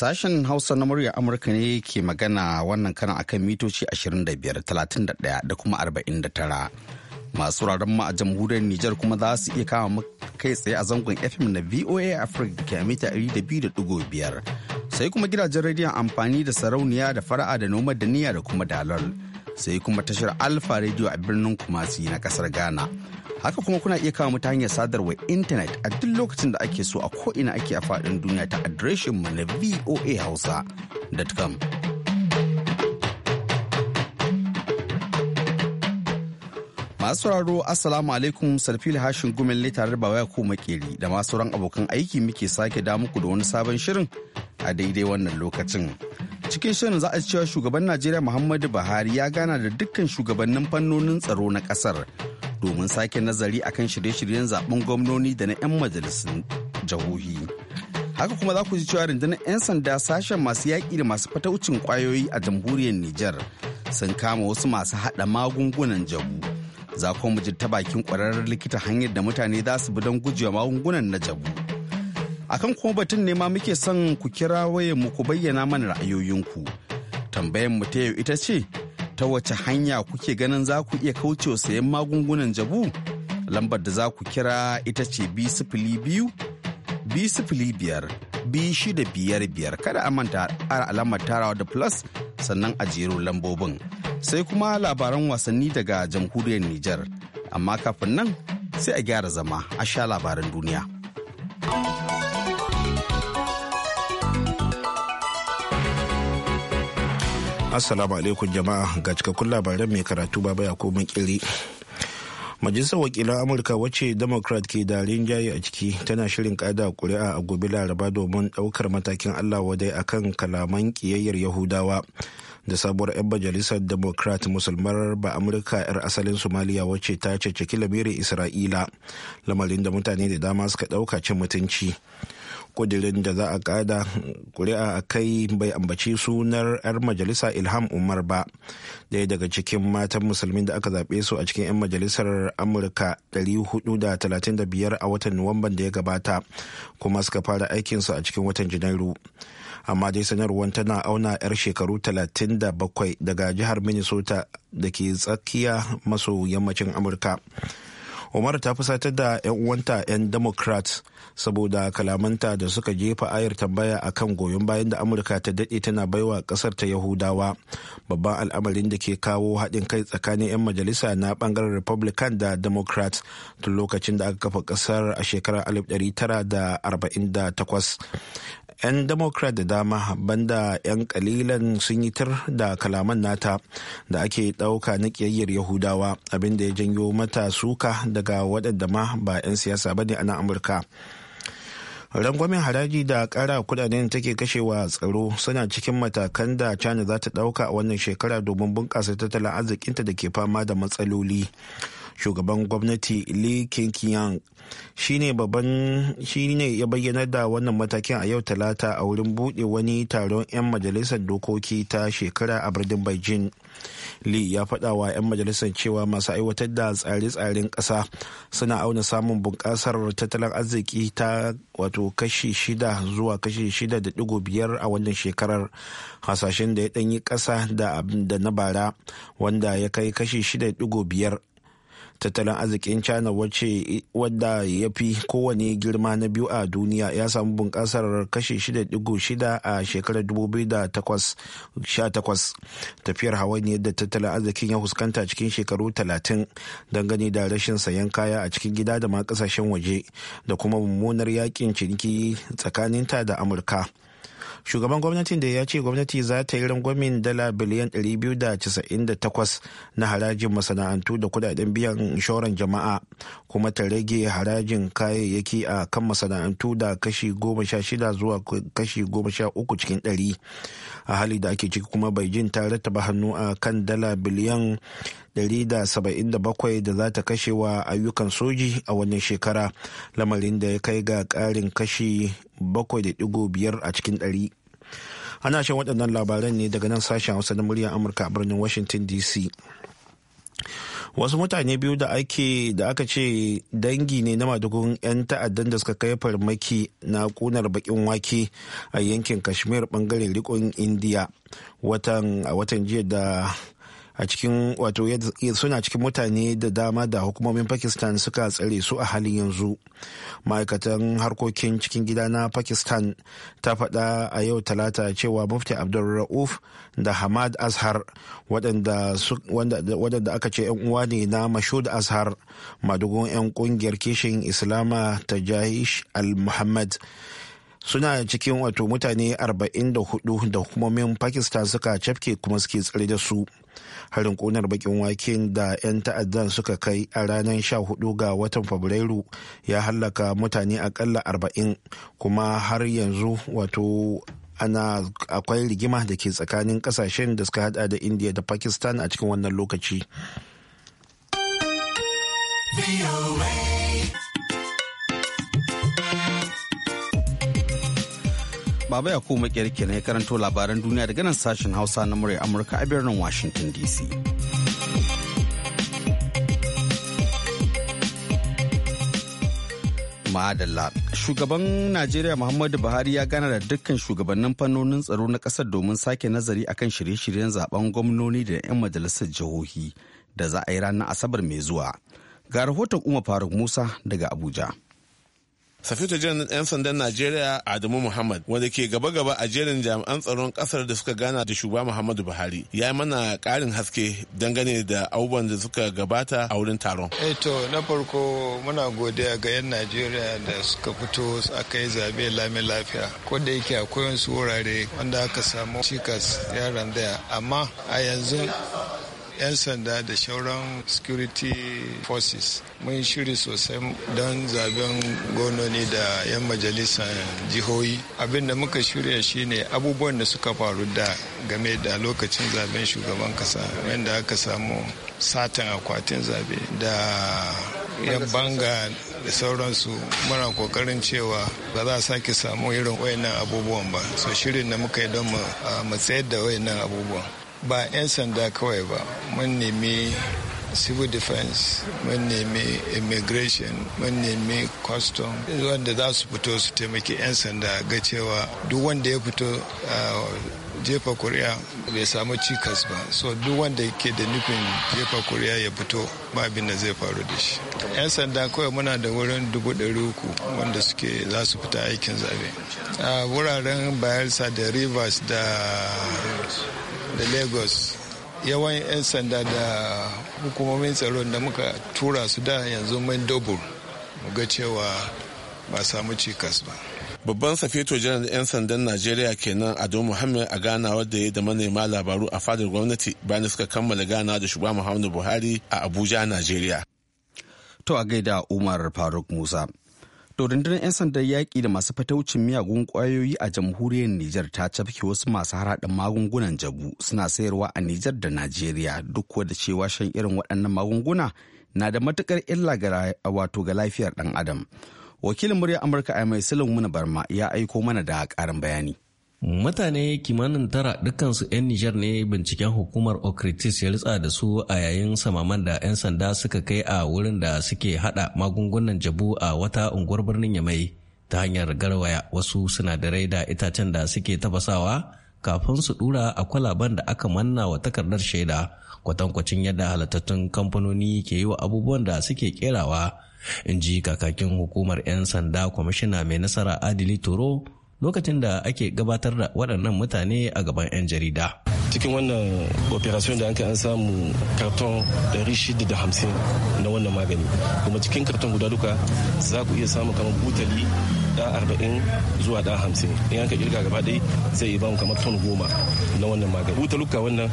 Sashen Hausa na murya Amurka ne ke magana wannan kana akan mitoci 25, 31 da kuma 49. Masu wuraren ma a jamhuriyar Nijar kuma za su iya kama kai tsaye a zangon FM na VOA Africa da a mita 200.5. Sai kuma gidajen rediyon amfani da sarauniya da fara'a da noma da niyya da kuma dalar. Sai kuma tashar Alfa Radio a birnin Kumasi na kasar Ghana. Haka kuma kuna iya kawo mu ta hanyar sadarwar intanet a duk lokacin da ake so a ko'ina ake a faɗin duniya ta adireshin mu na voa voahausa.com. Masu sauraro Assalamu alaikum Sarfil Hashin gumin tare da Bawaya ko Makeri da masu sauran abokan aiki muke sake da muku da wani sabon shirin a daidai wannan lokacin. Cikin shirin za a cewa shugaban Najeriya Muhammadu Buhari ya gana da dukkan shugabannin fannonin tsaro na kasar domin sake nazari akan shirye-shiryen zaben gwamnoni da na 'yan majalisun jahohi. Haka kuma za ku ji cewa rundunar 'yan sanda sashen masu yaƙi da masu fataucin ƙwayoyi a jamhuriyar Nijar sun kama wasu masu haɗa magungunan jabu. Za kuma mu ji ta bakin ƙwararren likita hanyar da mutane za su bi don gujewa magungunan na jabu. kan kuma batun ne ma muke son ku kira wayan mu ku bayyana mana ra'ayoyinku. Tambayar mu ta yau ita ce, ta wace hanya kuke ganin za ku iya kaucewa sayan magungunan jabu lambar da za ku kira ita ce b biyu b biyar b shida biyar biyar kada a manta ara alamar tarawa da plus sannan a jero lambobin sai kuma labaran wasanni daga jamhuriyar nijar amma kafin nan sai a gyara zama a sha labaran duniya. Assalamu alaikum jama'a ga cikakkun labaran mai karatu baba ya komin kiri. Majalisar wakilan Amurka wacce Democrat ke da rinjaye a ciki tana shirin kada kuri'a a gobe laraba domin daukar matakin Allah wadai akan kalaman kiyayyar Yahudawa da sabuwar 'yan majalisar Democrat musulmar ba Amurka 'yar asalin Somalia wacce ta ceceki lamirin Isra'ila lamarin da mutane da dama suka ɗauka cin mutunci. kudirin da za a kada kuri'a a kai bai ambaci sunar 'yar majalisa ilham umar ba daya daga cikin matan musulmin da aka zaɓe su a cikin 'yan majalisar amurka 435 a watan nuwamban da ya gabata kuma suka fara aikinsu a cikin watan janairu amma dai sanarwar tana auna 'yar shekaru 37 daga jihar minnesota da ke tsakiya maso yammacin amurka umar ta fusatar da 'yan uwanta 'yan democrats saboda kalamanta da suka jefa ayar tambaya a kan goyon bayan da amurka ta daɗe tana baiwa ƙasar ta yahudawa babban al'amarin da ke kawo haɗin kai tsakanin 'yan majalisa na ɓangaren republican da democrat tun lokacin da aka kafa ƙasar a shekarar 1948 'yan democrat da dama banda 'yan kalilan sun yi tir da kalaman nata da ake ɗauka na ƙiyayyar yahudawa abinda ya janyo mata suka daga waɗanda ma ba 'yan siyasa ba ne a amurka rangwamen haraji da ƙara kudaden take kashewa tsaro suna cikin matakan da china za ta ɗauka a wannan shekara domin bunƙasa tattalin arzikinta da ke fama da matsaloli shugaban gwamnati li keqiang shine babban shine ya bayyana da wannan matakin a yau talata a wurin buɗe wani taron 'yan majalisar dokoki ta shekara a birnin beijing Li ya faɗa wa 'yan majalisar cewa masu aiwatar da tsare-tsaren ƙasa suna auna samun bunƙasar tattalin arziki ta wato kashi shida zuwa kashi shida da digo biyar a wannan shekarar hasashen da ya ɗanyi ƙasa da na bara wanda ya kai kashi shida da digo biyar tattalin arzikin china wacce wadda ya fi kowane girma na biyu a duniya ya samu bunƙasar kashe 6.6 a shekarar 2018 tafiyar ne da tattalin arzikin ya huskanta cikin shekaru 30 gani da rashin sayan kaya a cikin gida da ma kasashen waje da kuma mummunar yakin ciniki tsakaninta da amurka shugaban gwamnatin da ya ce gwamnati za ta yi rangwamin dala biliyan 298 na harajin masana'antu da kudaden biyan inshoran jama'a kuma ta rage harajin kayayyaki a kan masana'antu da kashi 16 zuwa kashi 13 cikin 100 a hali da ake ciki kuma beijing ta rattaba hannu a kan dala biliyan 177 da za ta kashe wa ayyukan soji a wannan shekara lamarin da ya kai ga karin kashi 7.5 a cikin 100 ana shan waɗannan labaran ne daga nan sashen hausa na muryar amurka a birnin washington dc wasu mutane biyu da ake da aka ce dangi ne na madugun 'yan ta'addan da suka kai farmaki na kunar bakin wake a yankin kashmir bangaren rikon indiya watan a watan jiya da a cikin wato suna cikin mutane da dama da hukumomin pakistan suka tsare su a halin yanzu ma'aikatan harkokin cikin gida na pakistan ta faɗa a yau talata cewa mufti abdul rauf da hamad azhar waɗanda aka ce 'yan uwa ne na mashud azhar madugun 'yan kungiyar kishin islama ta jahish al-muhammad suna cikin wato mutane 44 da hukumomin pakistan suka cafke kuma suke tsare da su harin konar bakin waken da 'yan ta'addan suka kai a ranar 14 ga watan fabrairu ya hallaka mutane akalla 40 kuma har yanzu wato ana akwai rigima da ke tsakanin kasashen da suka hada da india da pakistan a cikin wannan lokaci. Baba ko Makiyar kenan ya karanto labaran duniya daga nan sashen Hausa na murya Amurka a birnin Washington DC. Madalla. Shugaban Najeriya Muhammadu Buhari ya gana da dukkan shugabannin fannonin tsaro na ƙasar domin sake nazari akan shirye-shiryen zaben gwamnoni da 'yan majalisar jihohi da za a yi ranar Asabar mai zuwa. Ga rahoton Umar Faruk Musa daga Abuja. safitajen 'yan sandan najeriya adamu muhammad wanda ke gaba-gaba a jerin jami'an tsaron kasar da suka gana da shugaba muhammadu buhari ya yi mana karin haske dangane da abubuwan da suka gabata a wurin taron eto eh na farko muna godiya ga 'yan najeriya da suka fito a kai zabe lami lafiya ko da yake akwai wasu wurare wanda aka samu cikas yaran daya amma a yanzu 'yan sanda da shauran security forces mun shiri sosai don zaben gononi da 'yan majalisar jihohi abin da muka shirya shine abubuwan da suka faru da game da lokacin zaben shugaban kasa wanda aka samu satan akwatin zabe da yan banga da sauransu muna kokarin cewa ba za a sake samu irin wayannan abubuwan ba so shirin da muka yi don mu tsayar da wayannan abubuwan ba 'yan sanda kawai ba mun nemi civil defense mun nemi immigration mun nemi custom wanda za su fito su taimaki 'yan sanda ga cewa duk wanda ya fito jefa kuri'a bai samu cikas ba so duk wanda ke da nufin jefa kuri'a ya fito ba abin da zai faru da shi yan sanda kawai muna da wurin dubu ɗari uku wanda suke za su fita aikin zabe a wuraren bayelsa da rivers da da lagos yawan 'yan sanda da hukumomin tsaron da muka tura su da yanzu mun dobur mu ga cewa ba samu cikas ba babban safeto janar 'yan sandan najeriya kenan ado muhammad a gana wadda ya da manema labaru a fadar gwamnati bayan suka kammala gana da shugaba muhammadu buhari a abuja najeriya to a gaida umar faruk musa To rundunar 'yan sandan yaƙi da masu fataucin miyagun ƙwayoyi a jamhuriyar Nijar ta cafke wasu masu haraɗin magungunan jabu suna sayarwa a Nijar da Najeriya duk da cewa shan irin waɗannan magunguna na da matukar illa ga wato ga lafiyar ɗan adam. Wakilin muryar Amurka a mai Sulaimu Barma ya aiko mana da ƙarin bayani. Mutane kimanin tara dukansu 'yan Nijar ne binciken hukumar Okritis ya ritsa da su a yayin samaman da 'yan sanda suka kai a wurin da suke hada magungunan jabu a wata unguwar birnin Yamai ta hanyar garwaya wasu sinadarai da itacen da suke tabasawa, kafin su dura a kwalaban da aka manna wa takardar shaida kwatankwacin yadda halittattun kamfanoni ke yi wa abubuwan da suke kerawa in ji kakakin hukumar 'yan sanda kwamishina mai nasara adili toro lokacin da ake gabatar da waɗannan mutane a gaban 'yan jarida. cikin wannan operation da an samu karton 650 na wannan magani kuma cikin karton guda duka za ku iya samun kamar butali da 40 zuwa da 50 in an ka girka gaba ɗaya zai ba mu kamar ton goma na wannan magani butaluka wannan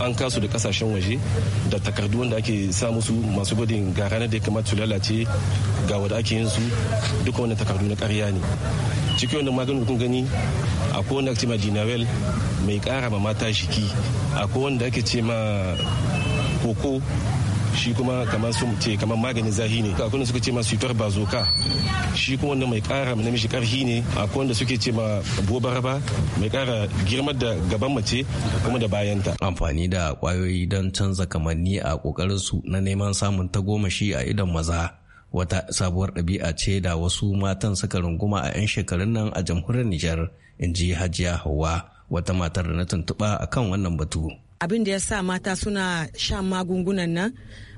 an kasu da kasashen waje da takardu wanda ake sa musu masu gudun ga ranar da ya kamata su lalace ga wanda ake yin su duka wannan takardu na ƙarya ne cikin wannan maganin kun gani a wanda ake ma dinawel mai kara ma mata shiki akwai wanda ake cema koko shi kuma kamar sun ce kamar maganin zahi ne akwai wanda suka ce ma suitor bazoka shi kuma wanda mai kara namiji karhi ne akwai wanda suke ce ma bobaraba mai kara girmar da gaban mace kuma da bayanta amfani da kwayoyi don canza kamanni a kokarin su na neman samun tagomashi a idon maza wata sabuwar ɗabi'a ce da wasu matan suka runguma a 'yan shekarun nan a jamhuriyar Nijar in ji Hajiya Hauwa wata matar da na tuntuɓa a kan wannan batu. Abin da ya sa mata suna shan magungunan nan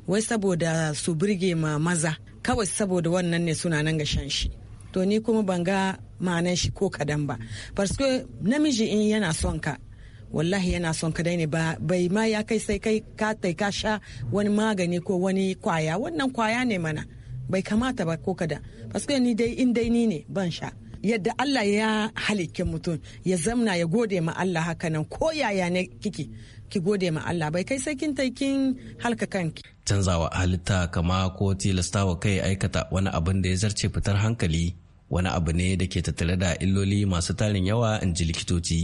wai saboda su birge ma maza kawai saboda wannan ne suna nan ga shan shi. To ni kuma ban ga ma'anar shi ko kadan ba. Farsko namiji in yana son ka wallahi yana son ka dai ne ba bai ma ya kai sai kai ka ka sha wani magani ko wani kwaya wannan kwaya ne mana bai kamata ba ko kada paske ni dai in dai ni ne ban sha yadda Allah ya halikke mutum ya zamna ya gode ma Allah hakanan ko yaya ne kiki ki gode ma Allah bai kai sai kin halka kanki canzawa halitta kama ko tilastawa kai aikata wani abin da ya zarce fitar hankali wani abu ne da ke tattare da illoli masu tarin yawa in ji likitoci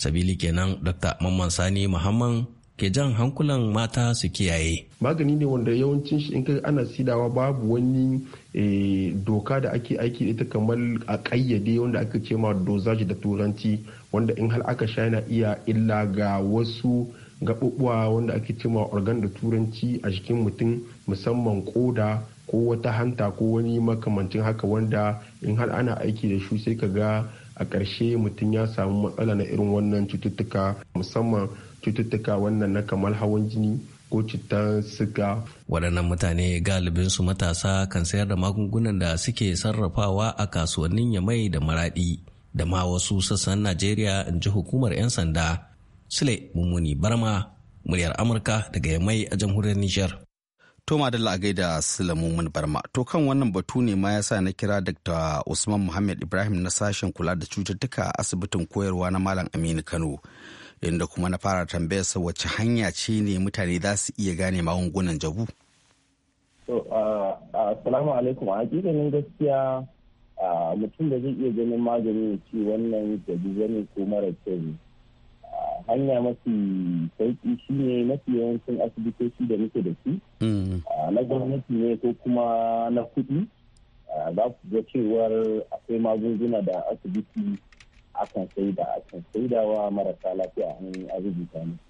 sabili kenan dr mamman sani muhammad ke jan hankulan mata su kiyaye. Magani ne wanda yawancin shi in kai ana sidawa babu wani eh, doka da ake aiki ita kamar a kayyade wanda aka ce ma dozaji da turanci wanda in hal aka sha yana iya illa ga wasu gaɓuɓɓuwa wanda ake ce ma organ da turanci a jikin mutum musamman koda ko wata hanta ko wani makamancin haka wanda in hal ana aiki da shi sai ka ga a ƙarshe mutum ya samu matsala na irin wannan cututtuka musamman cututtuka wannan na kamar hawan jini ko cutar siga. Waɗannan mutane galibin su matasa kan sayar da magungunan da suke sarrafawa a kasuwannin yamai da maraɗi da ma wasu sassan Najeriya in ji hukumar 'yan sanda. Sule Mummuni Barma, muryar Amurka daga yamai a jamhuriyar Nijar. To Madalla a gaida Sulamumun Barma. To kan wannan batu ne ma yasa na kira Dr. Usman Muhammad Ibrahim na sashen kula da cututtuka a asibitin koyarwa na Malam Aminu Kano. Inda kuma na fara tambayar sa wacce hanya ce ne mutane za su iya gane magungunan jabu. To, assalamu alaikum. A hakikanin gaskiya mutum da zai iya ganin maganin ya wannan jabu wani ko mara kyau hanya mafi sauki shi ne mafi yawancin asibitoci da muke da su hmm. ah, na gwamnati ne ko kuma na kuɗi ah, za ku ga cewar akwai magunguna da asibiti akan saida akan saidawa marasa lafiya an rubuta musu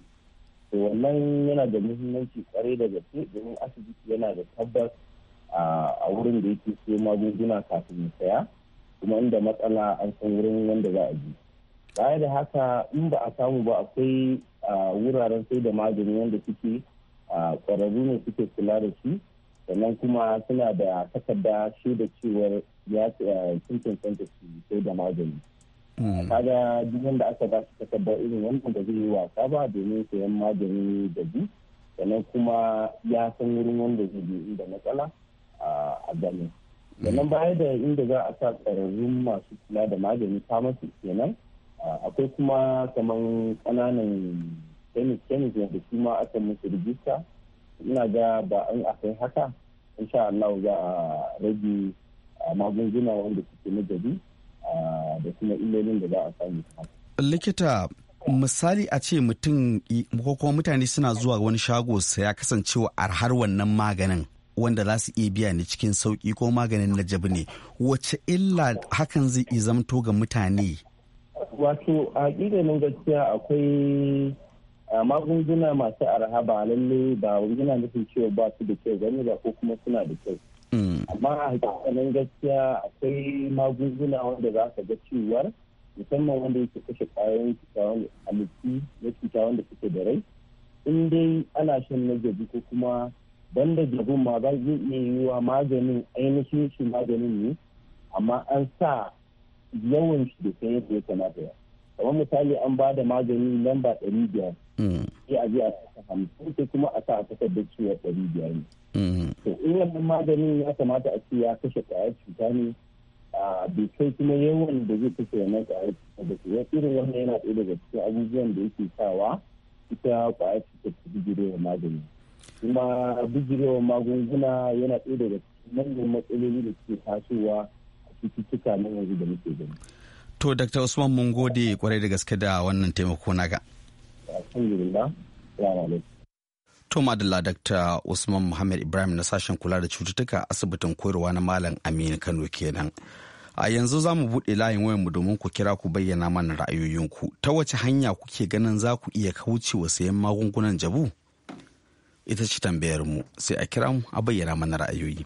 to wannan yana da muhimmanci kwarai da gaske domin asibiti yana da tabbas ah, a wurin da yake siyo magunguna kafin ya saya kuma inda matsala an san wurin wanda za a je baya da haka in ba a samu ba akwai wuraren sai da magani wanda suke kwararru ne suke kula da shi sannan kuma suna da takarda shaida cewar ya sun cancanta su sai da magani hmm. kaga duk wanda aka ba su takardar irin wannan da zai yi wasa ba domin sayan magani da bi sannan kuma ya san wurin wanda zai je inda matsala a gani hmm. sannan baya da inda za a sa kwararrun masu kula da magani ta masu kenan Ah, akwai kuma kamar kananan tennis tennis wanda su ma aka musu rijista ina ga ba an akai haka insha Allah za a rage ah, magunguna wanda suke na gari ah, da kuma illolin da za a samu likita misali a ce mutum ko kuma mutane suna zuwa wani shago ya kasancewa arhar wannan maganin wanda za su iya biya ni cikin sauki ko maganin na najabi ne wace illa hakan zai iya zamto ga mutane wato a ƙiƙanin gaskiya akwai magunguna masu arha ba lalle ba yana nufin cewa ba su da kyau gani ba ko kuma suna da kyau mm. amma a hakikanin gaskiya akwai magunguna wanda za ka ga cewar musamman wanda yake kashe kwayoyin cutawan halittu na cuta wanda suke da rai in dai ana shan na jabi ko kuma banda jabin ma ba zai iya yiwuwa maganin ainihin shi maganin ne amma an sa yawan shi da sai yadda ya kamata ya kamar misali an ba da magani lamba ɗari biyar mm. sai a je a hamsin sai kuma a sa a takardar cewa ɗari biyar mm-hmm. to in wannan maganin ya kamata a ce ya kashe ƙwayar cuta ne a bai kai kuma yawan da zai kashe wannan ƙwayar cuta da ke irin wannan yana ɗaya daga cikin abubuwan da yake sawa ita ƙwayar ta bijirewa magani kuma bijirewa magunguna yana cututtuka na yanzu da muke gani. To, Dr. Usman mun gode kwarai da gaske da wannan taimako naka. To Madalla Dr. Usman Muhammad Ibrahim na sashen kula da cututtuka asibitin koyarwa na Malam Aminu Kano kenan. A yanzu za mu buɗe layin mu domin ku kira ku bayyana mana ra'ayoyinku. Ta wace hanya kuke ganin za ku iya kauce wa sayan magungunan jabu? Ita ce tambayar mu sai a kira mu a bayyana mana ra'ayoyi.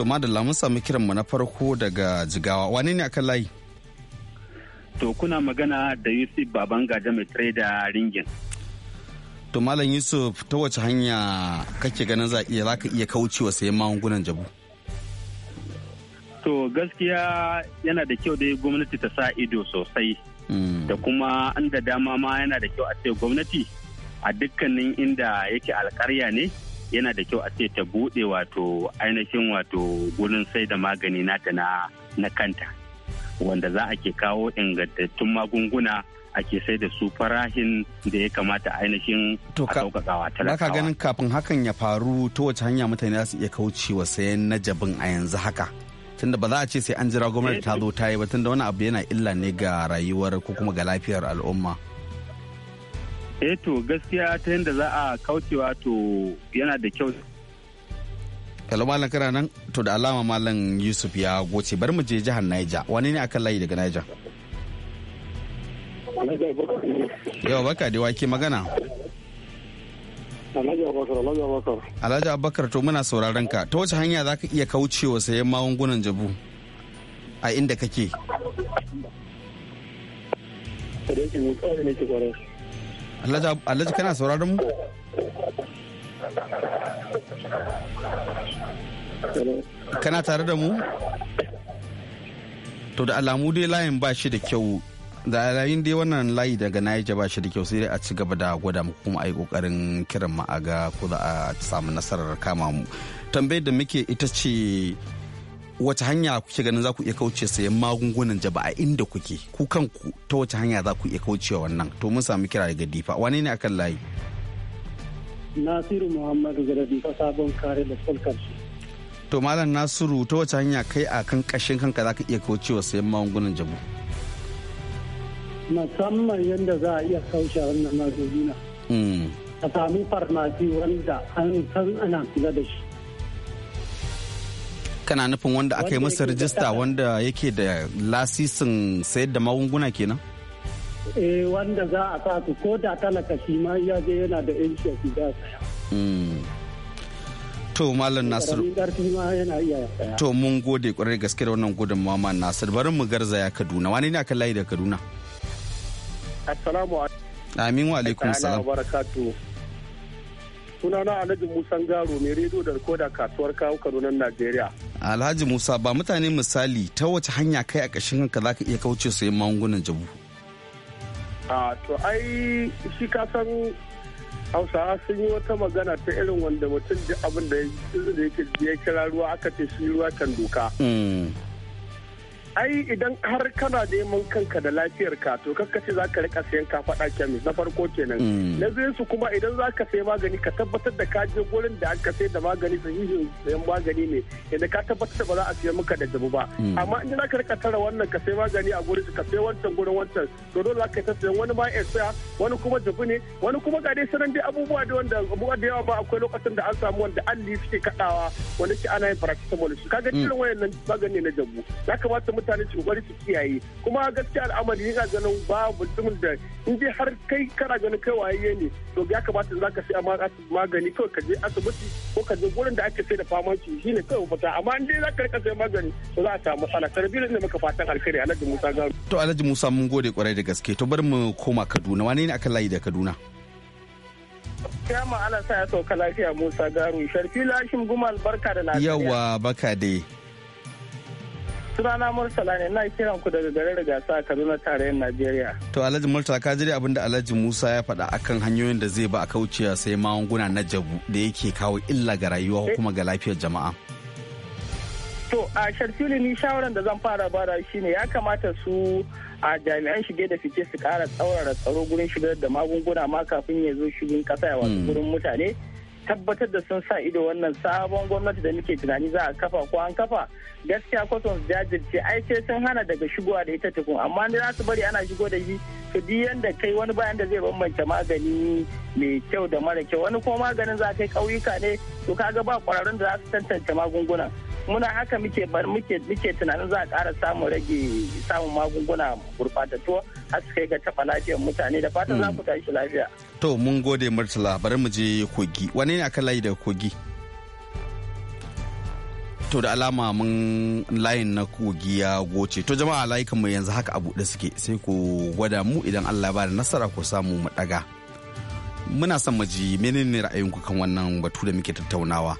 To madalla mun samu kiran mu na farko daga jigawa wani ne akan layi? To kuna magana da Yusuf Baban Gaja mai da ringin. To Malam Yusuf ta wace hanya kake ganin za iya za ka iya kaucewa sayan magungunan jabu? To gaskiya yana da kyau dai gwamnati ta sa ido sosai. Hmm. Da kuma an da dama ma yana da kyau a ce gwamnati a dukkanin inda yake alkarya ne. yana da kyau a ce ta buɗe wato ainihin wato gurin sai da magani nata na na kanta wanda za a ke kawo ingantattun magunguna ake sai da su farahin da ya kamata ainihin a sauƙaƙawa talakawa. Baka ganin kafin hakan ya faru ta wace hanya mutane za su iya kaucewa sayan najabin a yanzu haka. tunda ba za a ce sai an jira gwamnati eh, ta zo ta yi ba tunda wani abu yana illa ne ga rayuwar ko kuma ga lafiyar al'umma. eh to gaskiya ta yadda za a kaucewa to yana da kyau hello malam kira nan to da alama malam yusuf ya goce bari mu je jihar naija wani ne akan layi daga naija yawa baka da wake magana alhaji abubakar to muna sauraron ka ta wace hanya za ka iya kaucewa sayan magungunan jabu a inda kake Alhaji kana sauraron mu? Kana tare da mu? To da alamu dai layin ba shi da kyau. Da layin dai wannan layi daga Naija ba shi da kyau sai dai a ci gaba da gwada mu kuma a yi kokarin kiran ma'aga ko za a samu nasarar kama mu. Tambayar da muke ita ce wace hanya kuke ganin za ku iya kauce sayan magungunan jaba a inda kuke ku kanku ta wace hanya za ku iya kaucewa wannan to mun sami kira daga difa wane ne akan layi nasiru muhammadu daga difa sabon kare da fulkarsu to malam nasiru ta wace hanya kai a kan kashin kanka za ka iya kaucewa sayan magungunan jaba musamman yadda za a iya kauce wannan magunguna hmm. a sami farmaci wanda an san ana kula da shi kana nufin wanda aka yi masa rijista wanda yake da lasisin sayar da magunguna kenan eh wanda za a sa su ko da talaka shi ma ya je yana da insurance za hmm. to malam nasiru to mun gode kwarai gaske da wannan gudun ma nasiru bari mu garzaya kaduna wani ne aka layi da kaduna assalamu alaikum amin wa alaikum salam sunana alhaji musan garo mai rediyo da rikoda kasuwar kawo kaduna najeriya alhaji musa ba mutane misali ta wace hanya kai a ƙashin ka za ka iya kauce su sayan magungunan jabu a to ai shi ka san hausawa sun yi wata magana ta irin wanda mutum ji abin da ya kira ruwa aka ce shi ruwa kan doka hmm. ai idan har kana neman kanka da lafiyar ka to kakkace za ka rika siyan kafaɗa kemis na farko kenan mm. na biyun su kuma idan za ka sayi magani ka tabbatar da ka je gurin da aka sayar da magani sahihin sayan magani ne yadda ka tabbatar da ba za a siya maka da jabu ba mm. amma in za ka rika tara wannan ka sayi magani a gurin ka sayi wancan gurin wancan to dole za ka ta sayan wani ma ya saya wani kuma jabu ne wani kuma ga dai sanan dai abubuwa da wanda abubuwa da yawa ba akwai lokacin da an samu wanda alli suke kadawa wanda ke ana yin paracetamol su kaga cikin mm. wayannan magani na jabu ya kamata mutane mutane su kokari su kiyaye kuma gaskiya al'amari yana ganin babu mutumin da in dai har kai kana ganin kai waye ne to ya kamata za ka sai magani kawai ka je asibiti ko ka je gurin da ake sai da famanci ne kawai fita amma in dai za ka rika sai magani to za a samu matsala tarbiyyar ne maka fatan alkhairi Alhaji Musa Garu to Alhaji Musa mun gode kwarai da gaske to bari mu koma Kaduna wane ne akan layi da Kaduna Kiyama Allah sa ya sauka lafiya Musa Garu Sharfi Lashim Gumal barka da lafiya Yawa baka dai sunana murtala ne na kiran ku daga garin rigasa a kaduna tarayyar najeriya to alhaji murtala ka jira abin alhaji musa ya faɗa akan hanyoyin da zai ba a kaucewa sai magunguna na jabu da yake kawo illa ga rayuwa kuma ga lafiyar jama'a to a sharfili ni shawaran da zan fara bara shine ya kamata su a jami'an shige da fice su kara tsaurara tsaro gurin shigar da magunguna ma kafin ya zo shigin kasa ya wasu hmm. gurin mutane tabbatar da sun sa ido wannan sabon gwamnati da muke tunani za a kafa ko an kafa gaskiya kwatsam jajirce ai sai sun hana daga shigowa da ita tukun amma da za su bari ana shigo da shi su duk yanda kai wani bayan da zai bambance magani mai kyau da mara kyau wani kuma maganin za a kai ƙauyuka ne to kaga ba ƙwararrun da za su tantance magungunan muna haka muke muke tunanin za a ƙara samun rage samun magunguna gurbatattu har su kai ga taɓa lafiyar mutane da fatan za hmm. ku tashi lafiya. To mun gode Murtala bari mu je kogi wane ne aka layi da kogi? To da alama mun layin na kogi ya goce to jama'a layukan mu yanzu haka abu da suke sai ku gwada mu idan Allah ba da nasara ku samu mu ɗaga. Muna son mu ji menene ra'ayinku kan wannan batu da muke tattaunawa.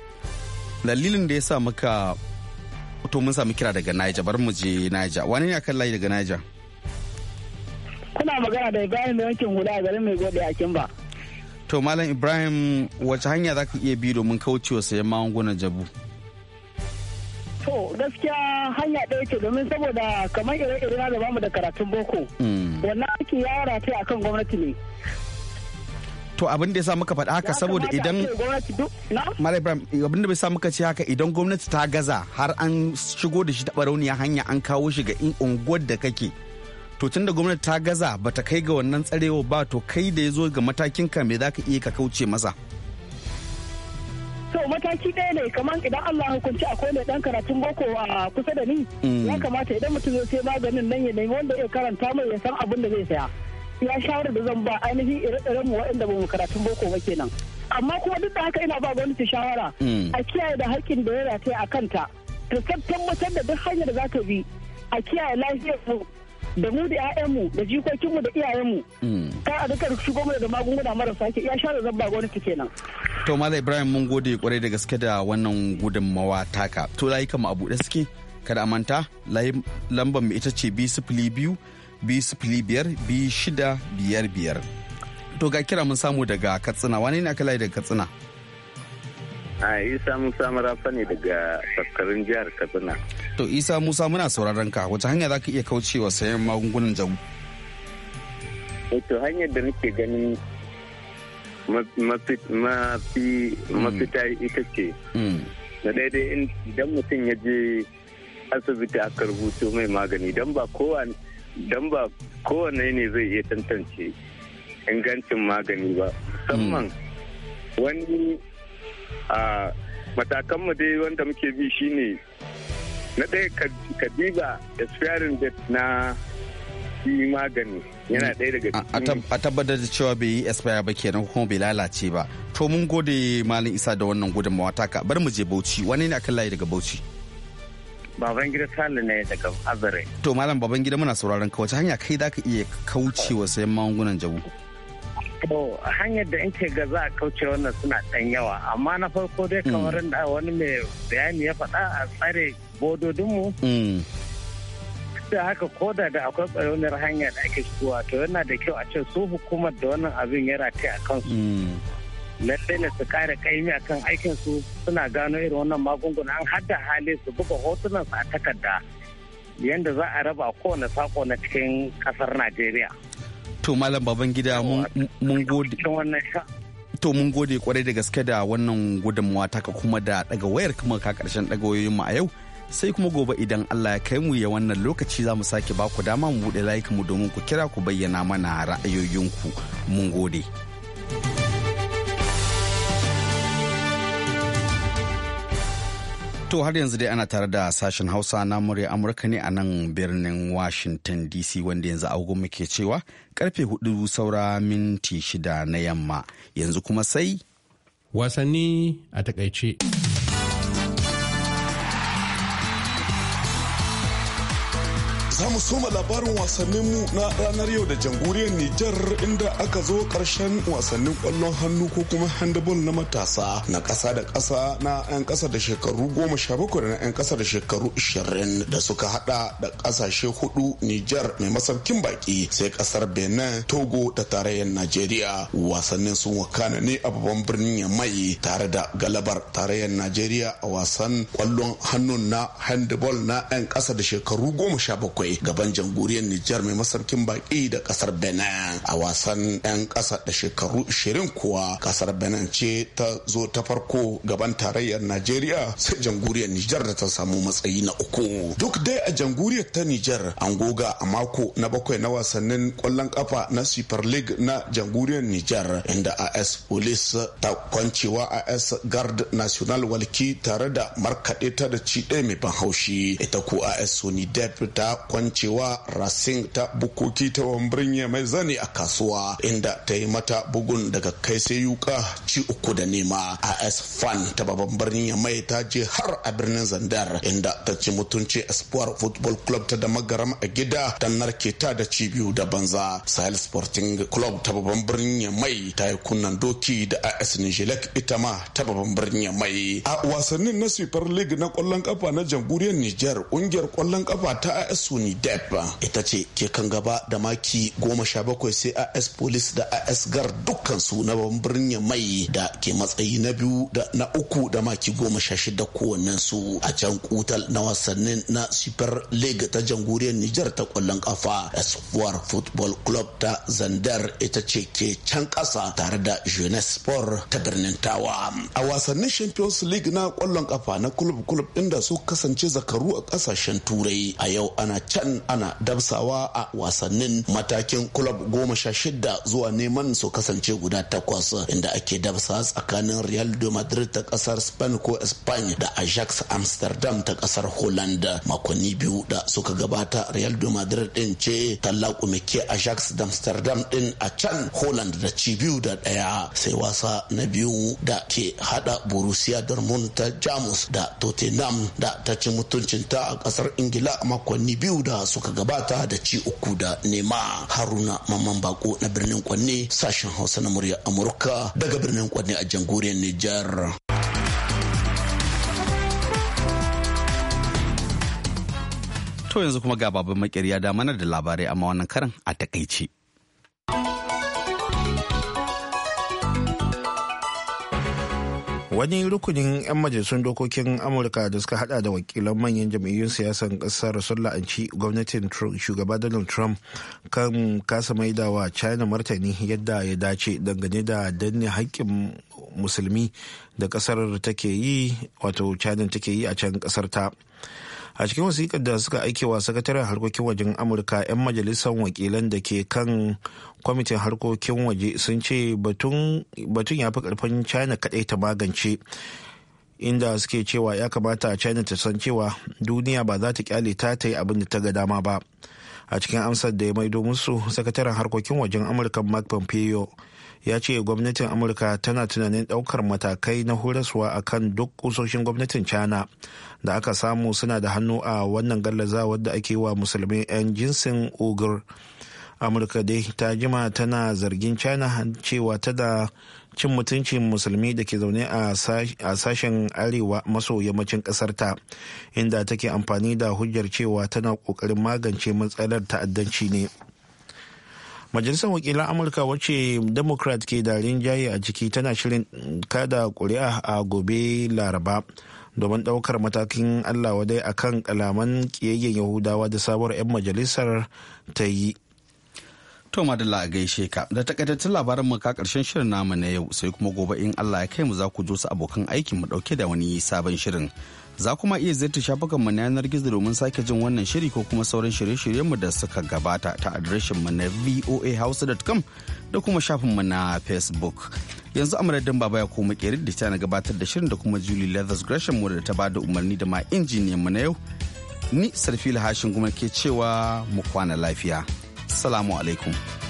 dalilin da ya sa muka to mun samu kira daga Niger bar mu je Niger wani ne akan layi daga Niger kuna magana da Ibrahim da yankin hula a garin mai gode a Kimba to malam Ibrahim wace hanya zaka iya bi domin kaucewa sayan magungunan jabu to gaskiya hanya ɗaya ce domin saboda kamar ire-ire na da bamu da karatun boko mm. wannan aiki ya rata akan gwamnati ne to abin da ya sa muka faɗa haka saboda idan abin da bai sa muka ce haka idan gwamnati ta gaza har an shigo da shi ta barauniya hanya an kawo shi ga in unguwar da kake to tun da gwamnati ta gaza ba ta kai ga wannan tsarewa ba to kai da ya zo ga matakin ka me za ka iya ka kauce masa to mataki ɗaya ne kamar idan Allah hukunci akwai mai dan karatun boko a kusa da ni mm. ya kamata idan mutum zai sai maganin nan ya nemi wanda ya karanta mai ya san abin da zai saya ya shawarar da zan ba ainihin ire-iren mu waɗanda ba mu karatun boko ba kenan amma kuma duk da haka ina ba gwamnati shawara mm. a kiyaye da haƙƙin da ya rataya a kanta ta tabbatar da duk hanyar da za ta bi a kiyaye lafiyar mu da mu da 'ya'yanmu da jikokinmu da iyayenmu mm. kar a duka shigo goma da magunguna marasa ke zan ba zabba gwamnati kenan to mala ibrahim mun gode kwarai da gaske da wannan gudunmawa taka to layukan mu a buɗe suke kada a manta lambar mu ita ce biyu sifili biyu biyar To ga kira mun samu daga Katsina, wani ne aka layi daga Katsina? A Isa Musa Marafa ne daga sassarin jihar Katsina. To Isa Musa muna sauraron ka, wata hanya za ka iya kaucewa sayan magungunan jamu eh, to hanyar da nake ganin hmm. mafita ita ce. Hmm. Na daidai idan mutum ya je asibiti aka rubuto mai magani don ba kowa don ba kowane ne zai iya tantance ingancin magani ba musamman wani a matakanmu dai wanda muke bi shine na ɗaya ka diba expiring date na yi magani yana mm. ɗaya daga cikin a tabbatar da cewa bai yi expire ba kenan kuma bai lalace ba to mun gode malin isa da wannan gudunmawa taka bar mu je bauchi wani ne akan layi daga bauchi Babangida Sale ne daga Azare. To Malam Babangida muna sauraron ka wace hanya kai za ka iya kaucewa sayan magungunan jabu? To hanyar da in ce ga za a kauce wannan suna ɗan yawa amma na farko dai mm. kamar da wani mai bayani ya faɗa a tsare bododinmu. Mm. da haka ko da akwai tsaronar hanya da ake shigowa to yana da kyau a ce su hukumar da wannan abin ya rataya a kansu. Mm. lallai na su kare kaimi akan aikin su suna gano irin wannan magunguna an hada hali su buga hotunan su a takarda yadda za a raba kowane sako na cikin kasar najeriya to malam baban gida mun gode to mun gode kwarai da gaske da wannan gudunmawa taka kuma da daga wayar kuma ka karshen daga wayoyin mu a yau sai kuma gobe idan Allah ya kai mu ya wannan lokaci za mu sake ku dama mu buɗe mu domin ku kira ku bayyana mana ra'ayoyinku mun gode. To har yanzu dai ana tare da sashen Hausa na murya Amurka ne a nan birnin Washington DC wanda yanzu agogo muke cewa karfe hudu saura minti shida na yamma yanzu kuma sai wasanni a takaice. Za mu soma labarin wasanninmu na ranar yau da jamhuriyar Nijar inda aka zo ƙarshen wasannin kwallon hannu ko kuma handball na matasa na kasa da ƙasa na 'yan ƙasa da shekaru goma sha bakwai na 'yan ƙasa da shekaru ishirin da suka hada da ƙasashe hudu Nijar mai masaukin baki sai ƙasar Benin, Togo da tarayyar Najeriya. Wasannin sun wakana ne a babban birnin Yamai tare da galabar tarayyar Najeriya a wasan ƙwallon hannun na handball na 'yan ƙasa da shekaru goma sha bakwai. gaban jamhuriyar Nijar mai masarkin baki da kasar Benin a wasan 'yan ƙasa da shekaru 20 kuwa kasar Benin ce ta zo ta farko gaban tarayyar Najeriya sai jamhuriyar Nijar da ta samu matsayi na uku duk dai a jamhuriyar ta Nijar an goga a mako na bakwai na wasannin kwallon kafa na Super League na jamhuriyar Nijar inda AS Police ta kwancewa AS Guard National walki tare da markaɗe ta da ci ɗaya mai ban haushi ita ko AS Sony Dep ta kwancewa racing ta bukoki ta wambirin mai zane a kasuwa inda ta yi mata bugun daga kai sai yuka ci uku da nema s fan ta babban birnin mai ta je har a birnin zandar inda ta ci mutunci espoir football club ta da magaram a gida ta narke ta da cibiyu da banza sahel sporting club ta babban birnin mai ta yi kunnan doki da as nijilek ita ma ta babban birnin mai a wasannin na super league na kwallon kafa na jamhuriyar niger kungiyar kwallon kafa ta as depp ita ce ke kan gaba da maki goma sha bakwai sai as police da as gar dukkansu na birnin mai da ke matsayi na biyu da na uku da maki goma sha shida kowannen su a can kutal na wasannin na super league ta jamhuriyar niger ta kwallon kafa espoir football club ta zandar ita ce ke can kasa tare da jeunesse sport ta birnin tawa a wasannin champions league na kwallon kafa na club club inda su kasance zakaru a kasashen turai a yau ana can ana dabsawa a wasannin matakin kulab goma sha shida zuwa neman su kasance guda takwas inda ake dabsa tsakanin real de madrid ta kasar spain ko spain da ajax amsterdam ta kasar holland makonni biyu da suka gabata real de madrid din ce tallakumike ajax da amsterdam din a can holland da ci biyu da daya sai wasa na biyu da ke hada borussia dortmund ta jamus da tottenham da ta ci mutuncinta a kasar ingila makonni biyu da suka gabata da ci uku da nema haruna mamman bako na birnin kwanne sashen hausa na murya amurka daga birnin kwanne a jamhuriyar nijar to yanzu kuma ga babban makirya da mana da labarai amma wannan karan a takaice wani rukunin 'yan majalisun dokokin amurka da suka hada da wakilan manyan jam'iyyun siyasan kasar sun la'anci gwamnatin shugaba donald trump kan kasa maida wa china martani yadda ya dace dangane da danne haƙƙin musulmi da kasar take yi wato china take yi a can kasar ta a cikin wasikar da suka aike wa sakataren harkokin wajen amurka 'yan majalisar wakilan da ke kan kwamitin harkokin waje sun ce batun ya fi karfin china kadai ta magance inda suke cewa ya kamata china ta san cewa duniya ba za ta kyale ta ta yi abin da ta ga dama ba a cikin amsar da ya maido musu sakataren harkokin wajen amurka mark pompeo ya ce gwamnatin amurka tana tunanin ɗaukar matakai na horaswa a kan duk kusoshin gwamnatin china da aka samu suna da hannu a wannan gallaza da ake wa musulmi 'yan jinsin ugur amurka dai ta jima tana zargin china cewa ta da cin mutuncin musulmi da ke zaune a sashen arewa maso yammacin kasar ta inda take amfani da hujjar cewa tana kokarin magance matsalar ta'addanci ne majalisar wakilan amurka wacce democrat ke da rinjaye a ciki tana shirin kada kuri'a a gobe laraba domin daukar matakin allah wadai kan kalaman kiyayyen yahudawa da sabuwar 'yan majalisar ta yi To Madalla a gaishe ka da takaitattun labaran mu ka karshen shirin namu na yau sai kuma gobe in Allah ya kai mu za ku zo su abokan aikin mu dauke da wani sabon shirin. Za kuma iya ziyarta shafukanmu na yanar gizo domin sake jin wannan shiri ko kuma sauran shirye-shiryenmu da suka gabata ta adireshinmu na voahouse.com da kuma shafinmu na Facebook. Yanzu a madadin baba ya koma kerin da ta na gabatar da shirin da kuma Julie Leathers Gresham da ta ba da umarni da ma mu na yau. Ni Sarfila Hashin kuma ke cewa mu kwana lafiya. Salamu alaikum.